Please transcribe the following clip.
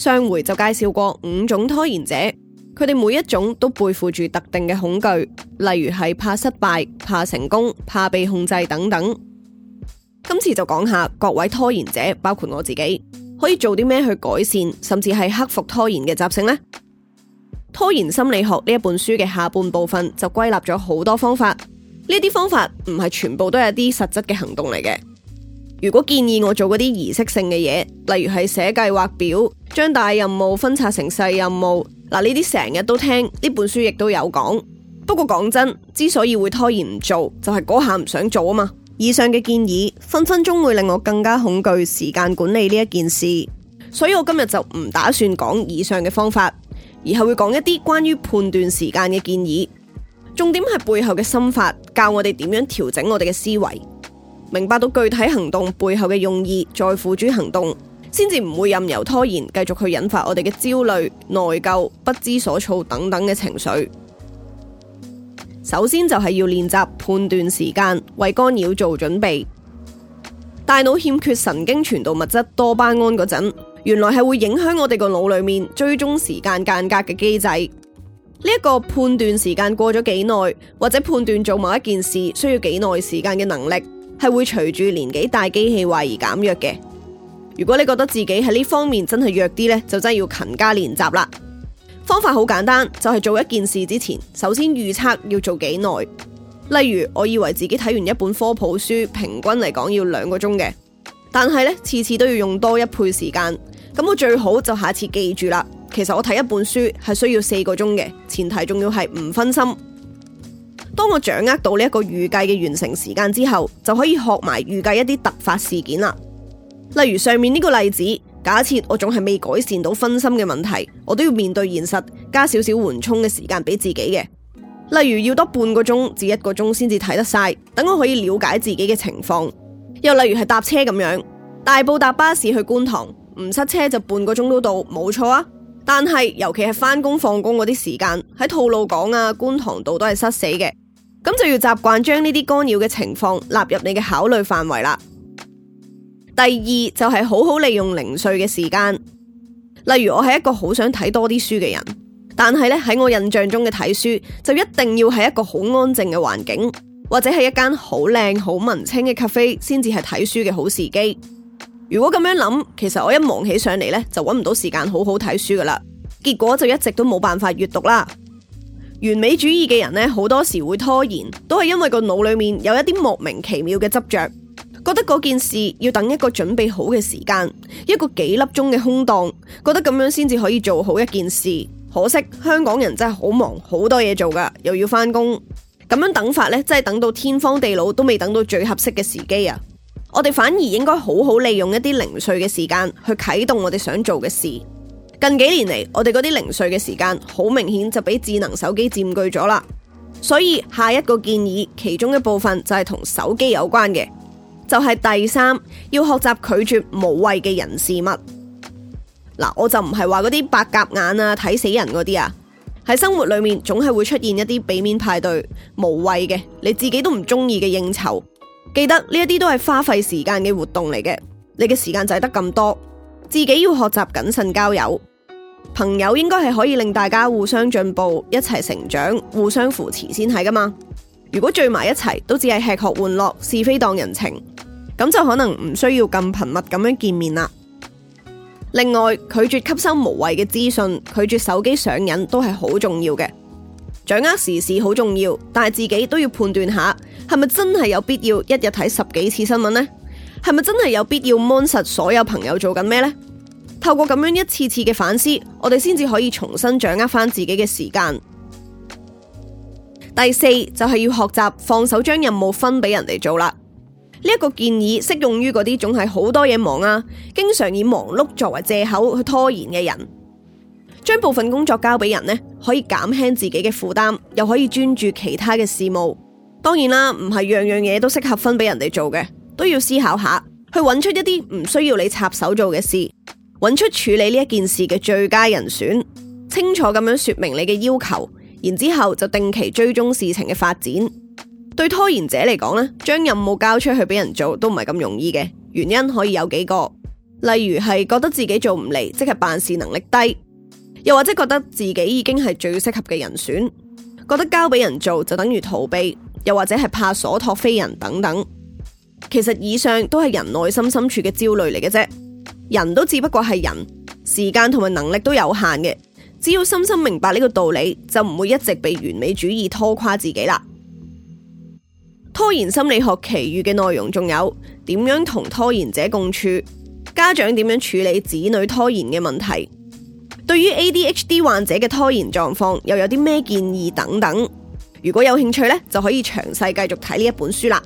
上回就介紹過五種拖延者，佢哋每一種都背負住特定嘅恐懼，例如係怕失敗、怕成功、怕被控制等等。今次就講下各位拖延者，包括我自己，可以做啲咩去改善，甚至係克服拖延嘅習性呢？《拖延心理學》呢一本書嘅下半部分就歸納咗好多方法，呢啲方法唔係全部都係一啲實質嘅行動嚟嘅。如果建議我做嗰啲儀式性嘅嘢，例如係寫計劃表。將大任務分拆成細任務，嗱，呢啲成日都聽，呢本書亦都有講。不過講真，之所以會拖延唔做，就係嗰下唔想做啊嘛。以上嘅建議分分鐘會令我更加恐懼時間管理呢一件事，所以我今日就唔打算講以上嘅方法，而係會講一啲關於判斷時間嘅建議。重點係背後嘅心法，教我哋點樣調整我哋嘅思維，明白到具體行動背後嘅用意，再付諸行動。先至唔會任由拖延，繼續去引發我哋嘅焦慮、內疚、不知所措等等嘅情緒。首先就係要練習判斷時間，為干擾做準備。大腦欠缺神經傳導物質多巴胺嗰陣，原來係會影響我哋個腦裏面追蹤時間間隔嘅機制。呢一個判斷時間過咗幾耐，或者判斷做某一件事需要幾耐時間嘅能力，係會隨住年紀大、機器壞而減弱嘅。如果你覺得自己喺呢方面真係弱啲呢，就真係要勤加練習啦。方法好簡單，就係做一件事之前，首先預測要做幾耐。例如，我以為自己睇完一本科普書平均嚟講要兩個鐘嘅，但係呢次次都要用多一倍時間。咁我最好就下次記住啦。其實我睇一本書係需要四個鐘嘅，前提仲要係唔分心。當我掌握到呢一個預計嘅完成時間之後，就可以學埋預計一啲突發事件啦。例如上面呢個例子，假設我仲係未改善到分心嘅問題，我都要面對現實，加少少緩衝嘅時間俾自己嘅。例如要多半個鐘至一個鐘先至睇得晒，等我可以了解自己嘅情況。又例如係搭車咁樣，大埔搭巴士去觀塘，唔塞車就半個鐘都到，冇錯啊。但係尤其係翻工放工嗰啲時間，喺吐露港啊觀塘道都係塞死嘅，咁就要習慣將呢啲干擾嘅情況納入你嘅考慮範圍啦。第二就係、是，好好利用零碎嘅時間，例如我係一個好想睇多啲書嘅人，但係咧喺我印象中嘅睇書就一定要係一個好安靜嘅環境，或者係一間好靚好文青嘅 cafe 先至係睇書嘅好時機。如果咁樣諗，其實我一忙起上嚟咧，就搵唔到時間好好睇書噶啦，結果就一直都冇辦法閱讀啦。完美主義嘅人咧，好多時會拖延，都係因為個腦裏面有一啲莫名其妙嘅執着。覺得嗰件事要等一個準備好嘅時間，一個幾粒鐘嘅空檔，覺得咁樣先至可以做好一件事。可惜香港人真係好忙，好多嘢做㗎，又要返工，咁樣等法咧，真係等到天荒地老都未等到最合適嘅時機啊！我哋反而應該好好利用一啲零碎嘅時間去啟動我哋想做嘅事。近幾年嚟，我哋嗰啲零碎嘅時間好明顯就俾智能手機佔據咗啦，所以下一個建議，其中一部分就係同手機有關嘅。就係第三，要學習拒絕無謂嘅人事物。嗱，我就唔係話嗰啲白鴿眼啊，睇死人嗰啲啊。喺生活裏面，總係會出現一啲俾面派對、無謂嘅，你自己都唔中意嘅應酬。記得呢一啲都係花費時間嘅活動嚟嘅，你嘅時間就係得咁多，自己要學習謹慎交友。朋友應該係可以令大家互相進步，一齊成長，互相扶持先係噶嘛。如果聚埋一齊，都只係吃喝玩樂，是非當人情，咁就可能唔需要咁頻密咁樣見面啦。另外，拒絕吸收無謂嘅資訊，拒絕手機上癮都係好重要嘅。掌握時事好重要，但係自己都要判斷下係咪真係有必要一日睇十幾次新聞呢？係咪真係有必要 mon 實所有朋友做緊咩呢？透過咁樣一次次嘅反思，我哋先至可以重新掌握翻自己嘅時間。第四就係、是、要學習放手，將任務分俾人哋做啦。呢一個建議適用於嗰啲總係好多嘢忙啊，經常以忙碌作為借口去拖延嘅人。將部分工作交俾人呢，可以減輕自己嘅負擔，又可以專注其他嘅事務。當然啦，唔係樣樣嘢都適合分俾人哋做嘅，都要思考下，去揾出一啲唔需要你插手做嘅事，揾出處理呢一件事嘅最佳人選，清楚咁樣說明你嘅要求，然之後就定期追蹤事情嘅發展。對拖延者嚟講咧，將任務交出去俾人做都唔係咁容易嘅，原因可以有幾個，例如係覺得自己做唔嚟，即係辦事能力低，又或者覺得自己已經係最適合嘅人選，覺得交俾人做就等於逃避，又或者係怕所託非人等等。其實以上都係人內心深處嘅焦慮嚟嘅啫，人都只不過係人，時間同埋能力都有限嘅，只要深深明白呢個道理，就唔會一直被完美主義拖垮自己啦。拖延心理學其餘嘅內容仲有點樣同拖延者共處？家長點樣處理子女拖延嘅問題？對於 ADHD 患者嘅拖延狀況，又有啲咩建議等等？如果有興趣咧，就可以詳細繼續睇呢一本書啦。